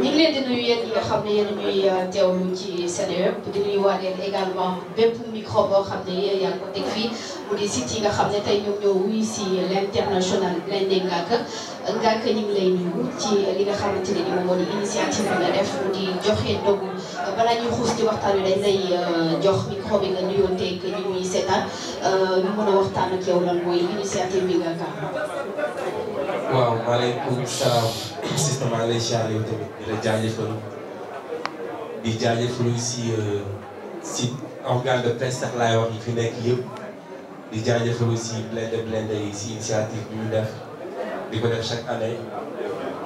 ñu ngi leen di nuyu yéen nga xam ne ñuy euh, teewlu ci Seneweb di nuyuwaat leen également bépp micro boo xam ne yaa ko teg fii mu di site yi nga xam ne tey ñoom ñoo wuy si ci li nga xamante ne ni moom moo di initiative bi nga def mu di joxe ndogu balaa ñuy xuus ci waxtaan wi dañ lay euh, jox micro nga nuyoo teg ñu ñuy seetaan euh, ñu mën a waxtaan yow lan mooy initiative bi nga gàmm. waaw maaleykum salaam sista maa ngi lay tamit di la jaajëfal di jaajëfalu si euh, si organe de presse sax laay wax yi fi nekk yëpp si Blindé Blindé yi si initiative bi ñu def di ko def chaque année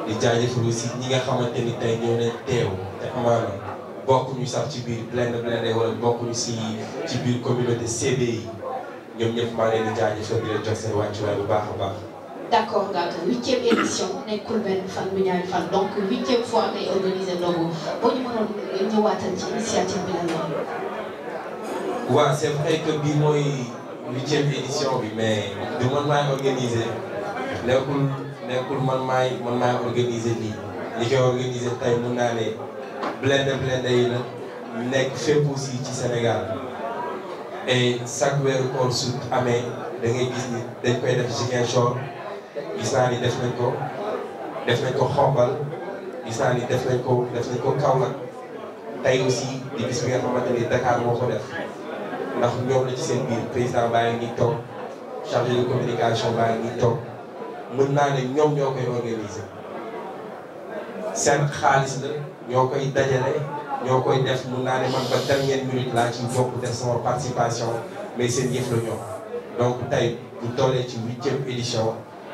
di jaajëfalu si ñi nga xamante ni tey ñoo leen teew te amaana bokkuñu sax ci biir Blindé Blindé wala bokkuñu si ci biir communauté CBI ñoom ñëpp maa ngi leen di jaajëfal di leen jox seen wàccuwaay bu baax a baax d'accord Ngaka huitième édition nekkul benn fan bu ñaari fan donc huitième fois ngay organiser ndogu boo ñu mënoon ñëwaatal bi bii mooy huitième édition bi mais du man maay organiser nekkul nekkul man maay man lii li koy organiser tey mun naa ne blende blende yi la nekk fépp aussi ci Sénégal et chaque weeru koor su amee da gis ni dañ koy def Ziguinchor. gis naa ni def nañ ko def nañ ko xombal gis naa def nañ ko def nañ ko Kaolack tey aussi di gis bi nga xamante ni Dakar moo ko def ndax ñoom la ci seen biir président baa ngi nii toog chargé de communication baa ngi toog mën naa ne ñoom ñoo koy organiser seen xaalis la ñoo koy dajale ñoo koy def mën naa ne man ba dernière minute laa ci bokk def sama participation mais seen yëf la ñoom donc tey bu tollee ci huitième édition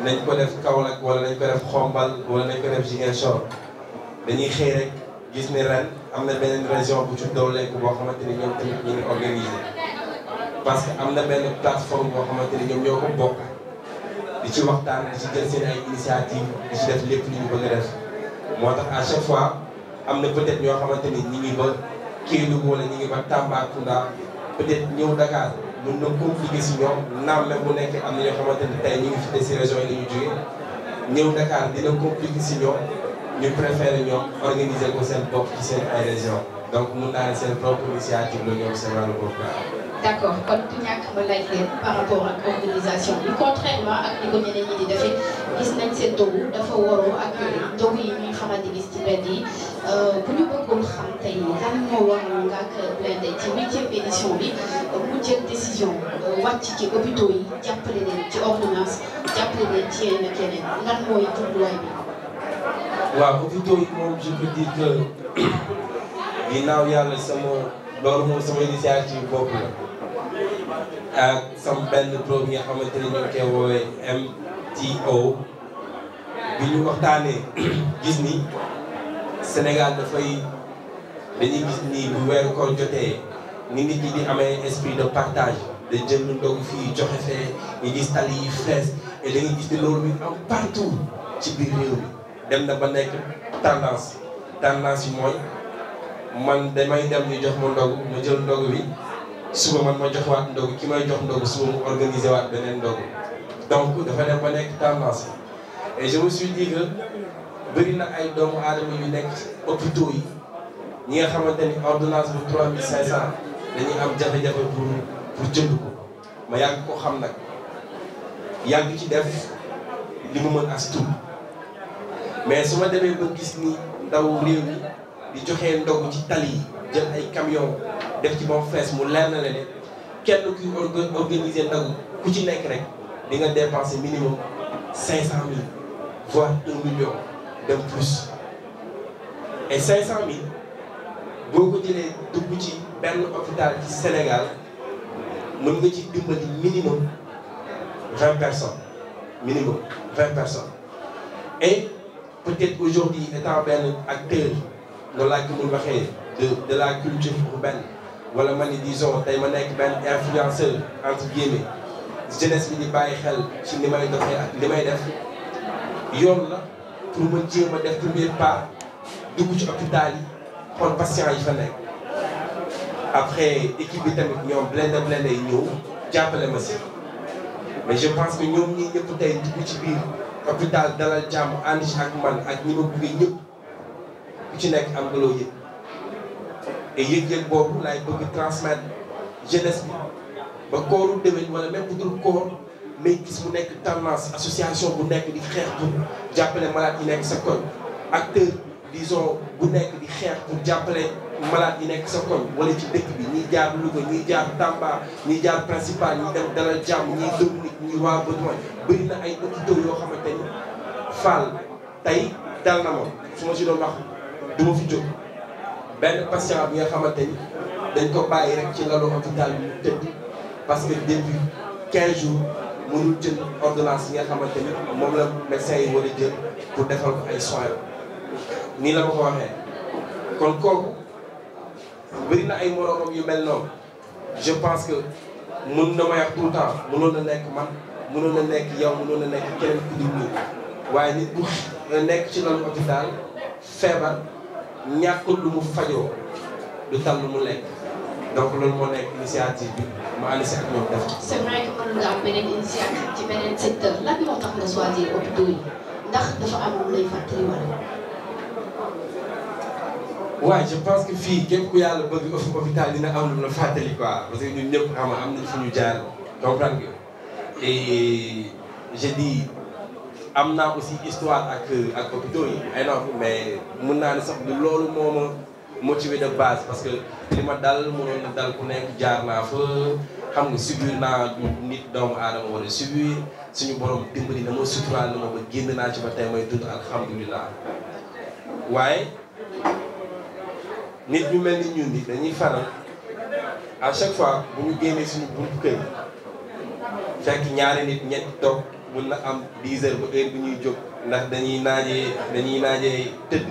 nañ ko def Kaolack wala nañ ko def Xombal wala nañ ko def Ziguinchor dañuy xëy rek gis ne ren am na beneen région bu ci dooleeku boo xamante ni ñoom tamit ñu ngi parce que am na benn plateforme boo xamante ni ñoom ñoo ko bokk di ci waxtaan di ci jël seen ay initiative di ci def lépp lu ñu bëgg a def moo tax à chaque fois am na peut ñoo xamante ni ñi ngi ba Kédougou wala ñi ngi ba Tambacounda peut-être ñëw Dakar. mun na compliqué si ñoom naam la mu nekk am na ñoo xamante ni tey ñu ngi fi si région yi la ñu jógee ñëw Dakar dina compliqué si ñoom ñu préféré ñoom organiser ko bopp ci seen ay donc mun naa ne seen propre initiative la ñoom seen wàllu bopp d' accord kon du ñàkk ma laaj par rapport ak organisation bi contrairement ak ni ko ñeneen ñi di defee gis nañ seen dogu dafa waroo ak dogu yi ñuy xamante gis ci mbedd yi. bu ñu bëggoon xam tey lan moo waral Ngaaka Blindé ci huitième édition bi mu jël décision wàcc ci hôpitaux yi jàppale leen ci ordonnance jàppale leen ci yenn keneen lan mooy jubluwaay bi. waaw hôpitaux yi moom je peux dire que ginnaaw yàlla sama loolu moom sama initiative bopp la ak sama benn pro bi nga xamante ne ñoo koy woowee MTO bi ñu waxtaanee gis Sénégal dafay dañuy gis nii bu weeru koor jotee ni nit ñi di amee esprit de partage de jël ndog fii joxe fee ñu gis tali yi et da nga gis ne loolu mi am partout ci biir réew mi dem na ba nekk tendance tendance yi mooy man damay dem ñu jox ma ndogu ma jël ndogu bi suba man ma jox waat ndogu ki may jox ndogu suba mu organiser waat beneen ndogu donc dafa dem ba nekk tendance et je me suis bëri na ay doomu aadama yu nekk ci hôpitaux yi ñi nga xamante ni ordonnance bu 3500 dañuy am jafe-jafe pour jënd ko ma yàgg ko xam nag yàgg ci def li mu mën as tuut mais su ma demee ba gis ni ndaw réew mi di joxe ndogu ci tali yi jël ay camion def ci moom fees mu leer na la ne kenn kuy organiser ndogu ku ci nekk rek di nga dépenser minimum 500000 voire 1 million. dem plus et 500000 boo ko jëlee dugg ci benn hôpital ci Sénégal mën nga ci dimbali minimum 20 personnes minimum 20 personnes et peut-être aujourd'hui étant benn acteur loolu laa ko mun waxee de de la culture urbaine wala ma ni disons tey ma nekk benn influenceur entre guillemets jeunesse bi di bàyyi xel ci li may doxee li may def yoon la. pour ma jéem a def premier pas dugg ci hôpital yi xool patient yi fa nekk après équipe bi tamit ñoom blende blende ñëw jàppale ma si mais je pense que ñoom ñëpp tey dugg ci biir hôpital dalal jàmm ànd ci ak man ak ñi ma buggee ñëpp ku ci nekk am nga loo yëg et yëg-yëg boobu laay bëgg transmettre jeunesse bi ba kooru déwén wala même bu dul koor mais gis mu nekk tendance association bu nekk di xeex pour jàppale malade yi nekk sa koñ acteur disons bu nekk di xeex pour jàppale malaat yi nekk sa koñ wala ci dëkk bi ñiy jaar Louga ñuy jaar Tamba ñuy jaar principal ñi dem Dalal Jàmm ñiy Dominique ñi waa Baudouin bëri na ay hôpitaux yoo xamante ni Fall tey dal na moom su si doon wax du ma fi jóg benn patient bi nga xamante ni dañ ko bàyyi rek ci lalu hôpital bi mu tëdd parce que depuis 15 jours mënul jën ordonnance yi nga xamante ni moom la médecin yi war a jël pour defal ko ay soins nii la ma ko waxee kon kooku bëri na ay moroomam yu mel noonu je pense que mën na ma wax tout le temps na nekk man mënoon na nekk yow mënoon na nekk keneen ku dul nii waaye nit bu nekk ci loolu hôpital feebar ñàkkul lu mu fajoo du tal lu mu lekk donc loolu moo nekk initiative bi ma ànd si ak ñoom def. c'est vrai que nga am initiative ci beneen secteur lan moo tax nga choisir hôpitaux yi ndax dafa am lu lay fàttali wala. fii képp yàlla bëgg hôpital dina parce que ñun ñëpp xam am nañ fu ñu jaar comprendre nga je dis am naa aussi histoire ak euh, ak mun naa ne sax loolu moo motivé de base parce que li ma dal mënoon na dal ku nekk jaar naa fa xam nga subir naa nit doomu aadama war a subir suñu borom dimbali na ma suturaal na ma ba génn naa ci ba tey may dund alhamdulilah waaye nit ñu mel ni ñun di dañuy faral a chaque fois bu ñu génnee suñu buntu kër fekk ñaari nit ñett toog mun na am 10 heures ba heure bi ñuy jóg ndax dañuy naajee dañuy naajee tëdd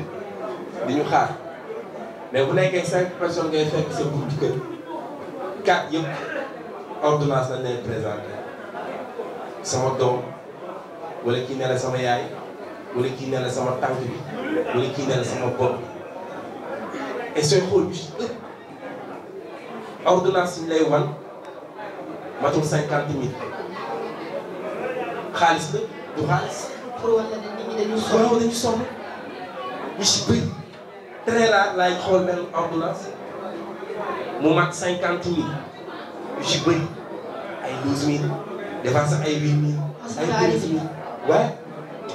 di ñu xaar. mais bu nekkee cinq personnes ngay fekk sa buntu kër quatre yëpp ordonnance lañ leen présenté sama doom wala kii ne la sama yaay wala kii ne la sama tànk bi wala kii ne la sama bopp bi et sooy xool bi ordonnance yi lay wan matul cinquante mille xaalis la du xaalis. pour wala nit ñi dañuy sonn waaw dañuy sonn ñu si bëri. très rare laay xool benn ambulance mu mat cinquante mille yu ci bëri ay douze mille des fois sax ay huit mille ay treize waaye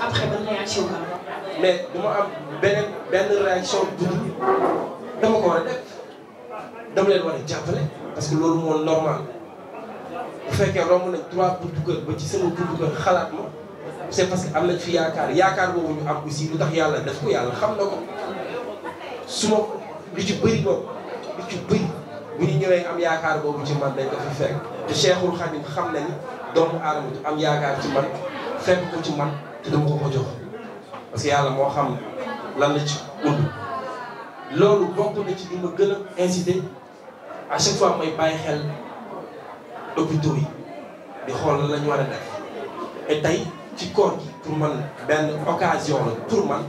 après ban réaction mais am beneen benn réaction dund ko war leen war a jàppale parce loolu moo normal bu fekkee romb nañ trois buntu kër ba ci sama buntu kër xalaat ma c'est parce que am nañ fi yaakaar yaakaar boobu ñu am aussi lu tax yàlla def ko yàlla xam na ko su ma lu ci bëri boobu lu ci bëri bu ñu ñëwee am yaakaar boobu ci man dañ ko fi fekk te Cheikhul xam na ni doomu aadama du am yaakaar ci man fekk ko ci man te dama ko ko parce que yàlla moo xam lan la ci und loolu bokk na ci li ma gën a incité à chaque fois may bàyyi xel hôpitaux yi di xool lan la ñu war a def et ci koor gi pour man benn occasion la man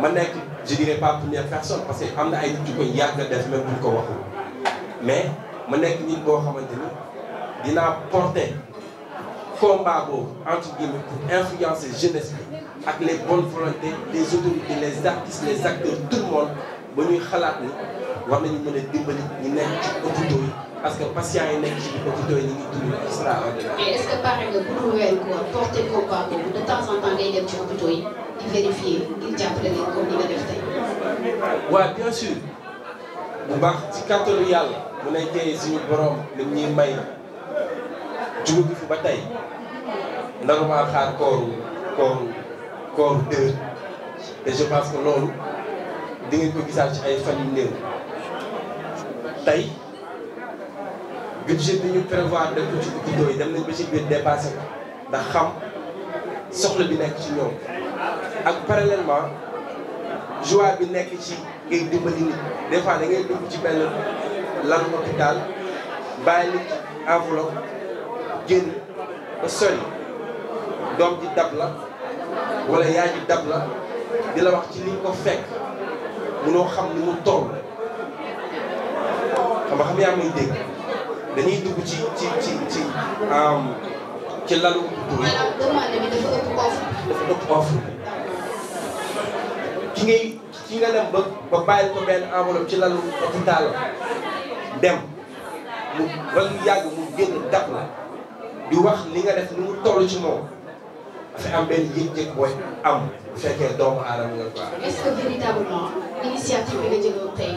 ma nekk je dirais pas première personne parce que am na ay nit yu koy yàgg def même buñ ko waxul mais ma nekk nit boo xamante ni dinaa porter combat boobu entre guillemets pour influencer jeunesse bi ak les bonnes volontés les autorités les artistes les acteurs tout le ba ñuy xalaat ni war nañu ñu a dimbali ñu nekk ci hôpitaux yi parce que patients yi nekk ñu ngi dund que pare nga de temps temps ngay dem ci hôpitaux yi di vérifier ngir jàppale leen comme ni def tey waaw bien bu baax ci kàttanu yàlla mu lay téye suñu borom lim ñuy may jugu fi ba tey normal xaar kooru kooru kooru dër te je pense que loolu di ko gisaat ay fan yu néew tey budget bi ñu prévoir def ko ci hôpitaux yi dem nañ ba ci biir dépassé ko ndax xam soxla bi nekk ci ñoom ak parallèlement joie bi nekk ci ngay dimbali nit des fois da dugg ci benn lan hôpital bàyyi nit enveloppe génn ba sori doom ji dab la wala yaay ji dab la di la wax ci liñ ko fekk munoo xam ni mu toll xam nga xam yaa may dégg dañuy dugg ci ci ci ci ci lalu hôpital dafa ëpp offre ki ngay ki nga dem ba ba bàyyil ko benn enveloppe ci lalu hôpital dem ba lu yàgg mu génn dab la wax li nga def ni mu toll ci moom dafay fekkee doomu aadama nga nga jëloon tey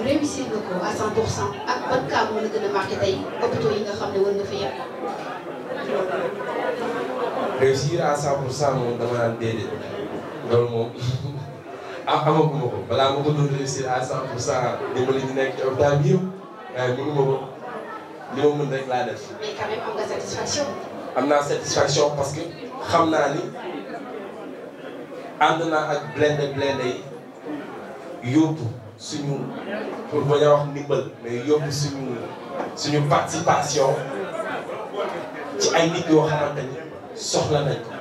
réussir a marqué pour cent moom dama naan déedéet loolu moom. am amaguma ko balaa ma ko doon réussir à cent pour cent dimbali ñu nekk ci hôpital bi yëpp waaye mënuma ko ma mën rek laa def. am naa satisfaction parce que xam naa ni ànd naa ak blende blende yi yóbbu suñu pour bañ a wax ndimbal mais yóbbu suñu suñu participation ci ay nit yoo xamante soxla nañ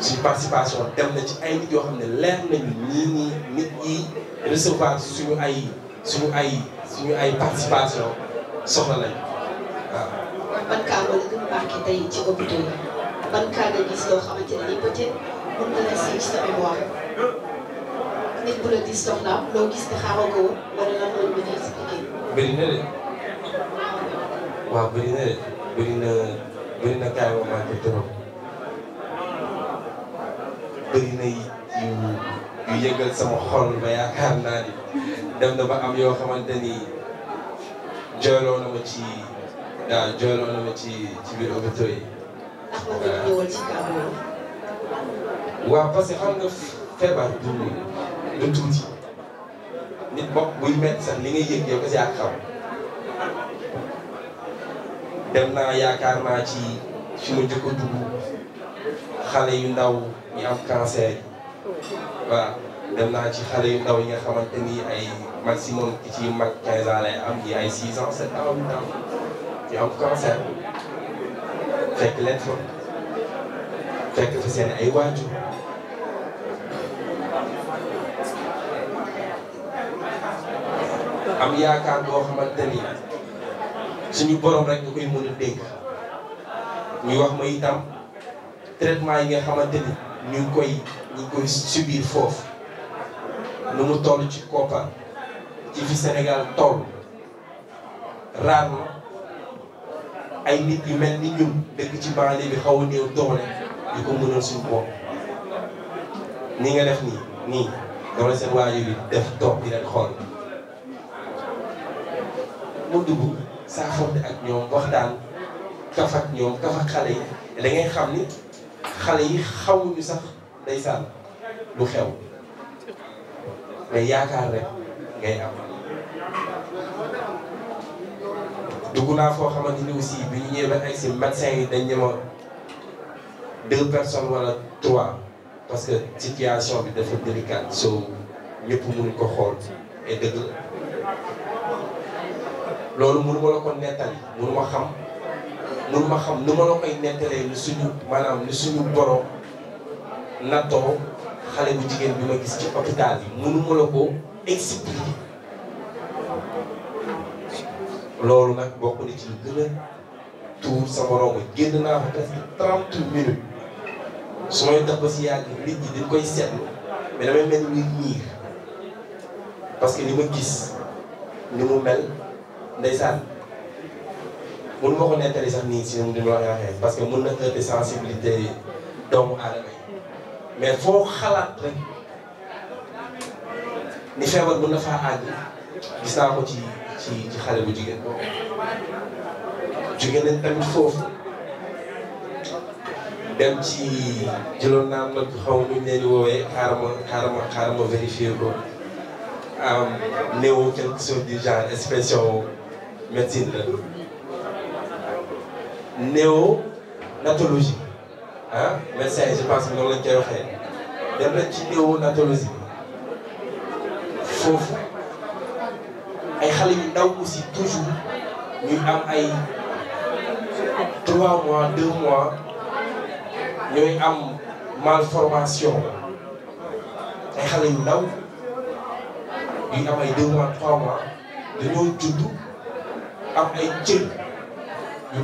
suñu participation dem na ci ay nit yoo xam ne leer nañu ñii ñii nit ñi recevoir suñu ay suñu ay suñu ay participation soxla nañ waaw. kon ban cas moo la gën a ko woon bëri na yu yëgal sama xol ba yaakaar naa ni dem na ba am yoo xamante ni jooyloo na ma ci waaw jooyloo na ma ci ci biir hôpitaux yi. waaw parce tuuti nit bopp buy métti sax li ngay yëg yow yaa xam dem naa yaakaar naa ci fi ma a dugg xale yu ndaw ñu am cancer waaw dem naa ci xale yu ndaw yi nga xamante ni ay maximum ki ci mag 15 ans am ñi ay 6 ans 7 ans am cancer fekk leen fekk fa ay waajur am yaakaar boo xamante ni suñu borom rek nga koy mën a wax ma itam. traitement yi nga xamante ni ñu ngi koy ñu ngi koy subir foofu lu mu toll ci koppar ci fi Sénégal toll raar na ay nit yu mel ni ñun dëkk ci banlieue bi xaw a néew doole yu nga def nii nii doole seen waajur yi def toog di leen xool mu dugg saa fonte ak ñoom waxtaan kaf ak ñoom kaf xale yi da ngay xam ni xale yi xawuñu sax day sàll lu xew mais yaakaar rek ngay am dugg naa foo xamante ni aussi bi ñu ñëwee ba ay si médecin yi dañ ñema deux personnes wala trois parce que situation bi dafa délicate so ñëpp mënuñ ko xool et dëgg loolu mënu ma la ko nettali mënu ma xam lu ma xam lu ma la koy nettalee lu suñu maanaam lu suñu borom nattoo xale bu jigéen bi ma gis ci hôpital yi mënu ma la ko expliquer loolu nag bokk na ci lu gën a tuur sama romb génn naa fa presque trente minutes su may dox si yàgg nit ñi dañ koy seetlu mais damay mel ni niir parce que li ma gis ni mu mel ndeysaan mun ma ko nettali sax nii si ni mu waxee parce que mun na heurter sensibilité doomu aadama yi mais foo xalaat rek ni feebar mun na faa àgg gis naa ci ci ci bu jigéen boobu jigéen nañ tamit foofu dem ci jëloon naa nag xaw ma ñu leen di woowee xaaral ma xaaral ma xaaral ma vérifier ko néew quelque chose la. néonatologie ah médecin yi je pense noonu lañ koy waxee foofu ay xale yu ndaw aussi toujours ñuy am ay trois mois deux mois ñooy am malformation ay xale yu ndaw ñuy am ay deux mois trois mois dañoo judd am ay cër.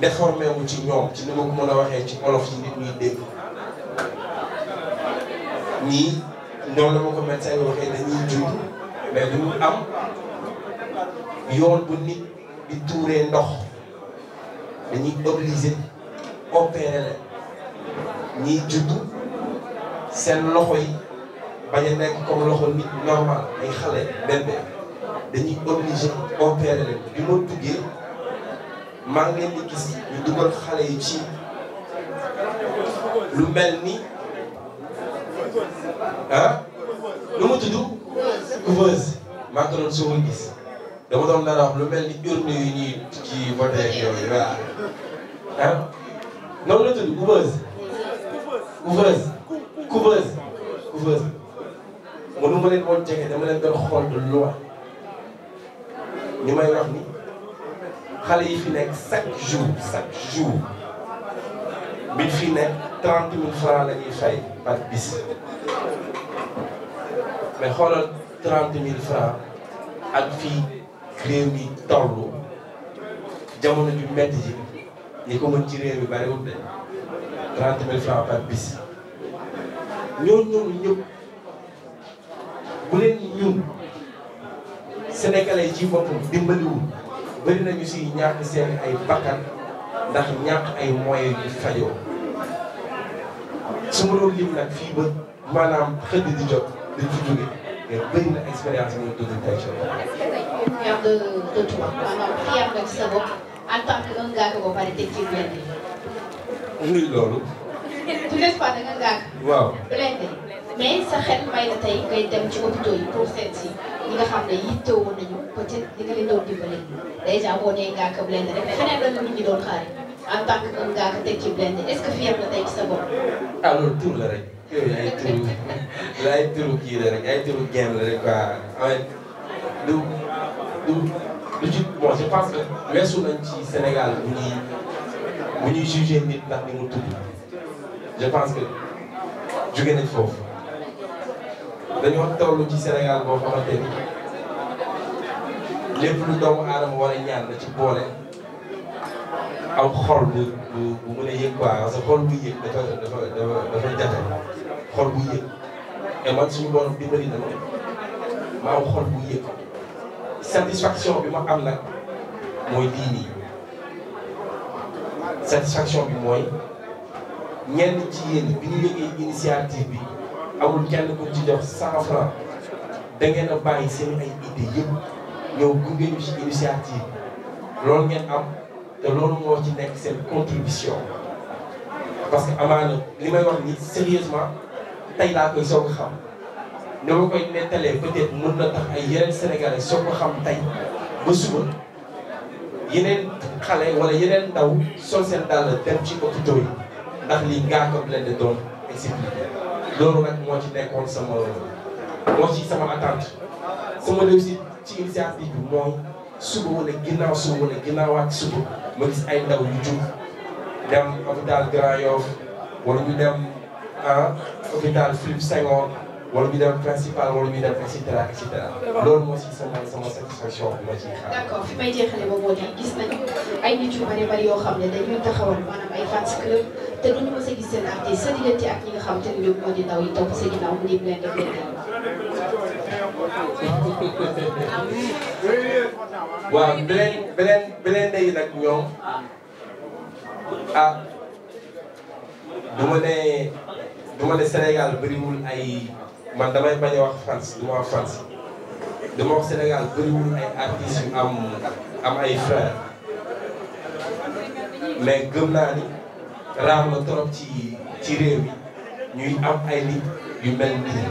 déformé wu ci ñoom ci ni ma ko mën a waxee ci olof yi nit ñuy dégg ñii ñoom la ko médecin bi waxee dañuy judd mais duñu am yoon bu nit di tuuree ndox dañuy obligé opéré la ñiy judd seen loxo yi bañ a nekk comme loxo nit normal ay xale bébé dañuy obligé opéré la bi ma duggee maa ngi leen di gis ñu dugal xale yi ci ni ah lu mu tudd couveuse maa ngi doon soo ko gis dama doon dara wax lu mel ni urne yi ñuy ci voté ak yooyu voilà ah noonu la tudd couveuse couveuse couveuse couveuse mënu ma leen woon jege dama leen doon xool du loin ñu may wax ni xale yi fi nekk chaque jour chaque jour bi fi nekk trente mille francs la ñuy fay par bis mais xoolal trente mille francs ak fii réew mi toll jamono ju metti ji ñi ko mën ci réew bari bariwul de trente mille francs par bis ñooñu ñooñu ñëpp bu leen ñun sénégalais ci boppam dimbaliwul bëri nañu si ñàkk seen ay bakkan ndax ñàkk ay moyens yu fajoo su ma doon lim nag fii ba maanaam xëdd di jot dañ fi jóge mais bëri na expérience yi ñu dund ci waaw mais sa xel may na tey ngay dem ci hôpitaux yi pour seet ne yittewoon nañu peut-être li nga leen doon dimbale déjà boo nee Ngaaka Blindé rek mais feneen la nit ñi que Ngaaka Tekki Blindé est-ce que fier na tey ci sa bopp. ah loolu tur la rek yooyu ay turu ay turu kii la rek ay turu genn la rek quoi en du du du ci bon je pense que weesu nañ ci Sénégal bu ñuy bu ñuy ni mu tudd je pense que jóge nañ foofu. dañoo toll ci Sénégal boo xamante ni lépp lu doomu aadama war a ñaan na ci boole aw xol bu bu bu mën a yëg quoi parce que xol bu yëg dafa dafa dafa dafa jafe xol bu yëg et man suñu borom dimbali na ma ma am xol bu yëg satisfaction bi ma am nag mooy lii nii satisfaction bi mooy ñenn ci yéen bi ñu yëgee initiative bi. amul kenn ku ci jox cent franc da ngeen a bàyyi seen ay idée yëpp ñëw gunge ñu ci initiative loolu ngeen am te loolu moo ci nekk seen contribution parce que amaana li may wax ni sérieusement tey laa koy soog a xam ni ma koy nettalee peut-être mën na tax ay yeneen sénégalais soog ko xam tey ba suba yeneen xale wala yeneen ndaw sol seen dàll dem ci hôpitaux yi ndax li ngaa ko leen di doon expliqué loolu nag moo ci nekkoon sama moo ci sama attente sama réussite ci initiative bi mooy suba wala ginnaaw suba wala ginnaawaat suba ma gis ay ndaw yu jug dem hôpital Grand Yoff wala ñu dem ah hôpital Philippe Senghor. wala ñu dem principal wala ñu dem et cetera et loolu moo si sama sama satisfaction bi ma ciy xaar. d'accord fi may jeexalee ba moo di gis nañu ay nit yu bari bari yoo xam ne dañuy taxawal maanaam ay fans club te duñu mës a gis seen artiste sa diggante ak ñi nga te ne ñoom moo di ndaw topp sa ginnaaw mu di leen def leen waaw day nag ñoom ah du ma ne du ma ne Sénégal bëriwul ay. man damay bañ a wax fans du wax fans dama wax Sénégal bëriwul ay artistes yu am ay frères mais gëm naa ni raar la trop ci ci réew yi ñuy am ay nit yu mel nii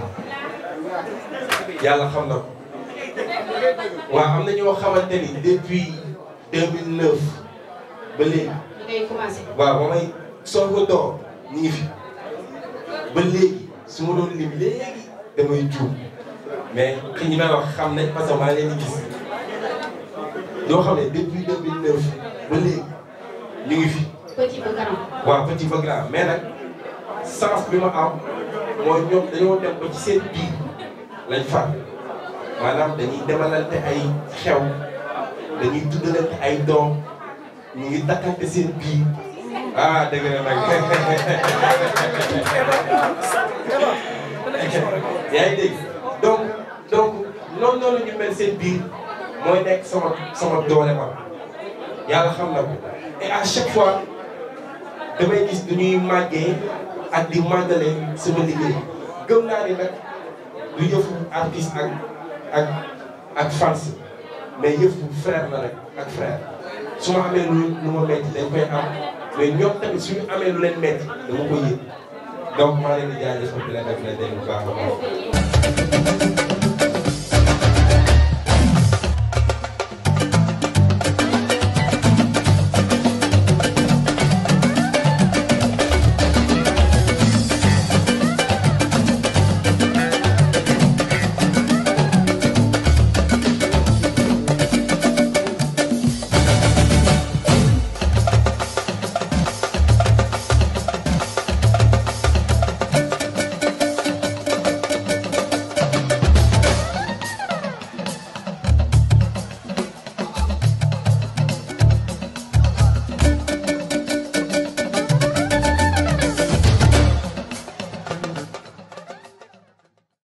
yàlla xam na ko am na ñoo xamante ni depuis 2009 ba léegi. waaw ba may soog door ñu fi ba léegi su ma doon léegi. damay juum mais ki ñi may wax xam nañ parce que maa leen di gis ñoo xam ne depuis 2009 ba léegi ñu ngi fi. petit ba grand. waaw petit ba nag sens bi ma am mooy ñoom dañoo dem ba seen biir lañ far maanaam dañuy demalante ay xew dañuy tuddalante ay doom ñu ngi takkante seen biir. ah dëgg nag. yaa ngi dégg donc donc noonu noonu ñu mel seen biir mooy nekk sama sama doole man yàlla xam na ko et à chaque fois damay gis du ñuy màggee ak di màggale sama liggéey gëm naa ni nag du yëfu artiste ak fans mais yëfu frère la rek ak frère su ma amee lu lu ma metti dañ koy am mais ñoom tamit suñu amee lu leen metti dama koy yëg donc maa di jaajëfal di leen def leen déglu bu baax a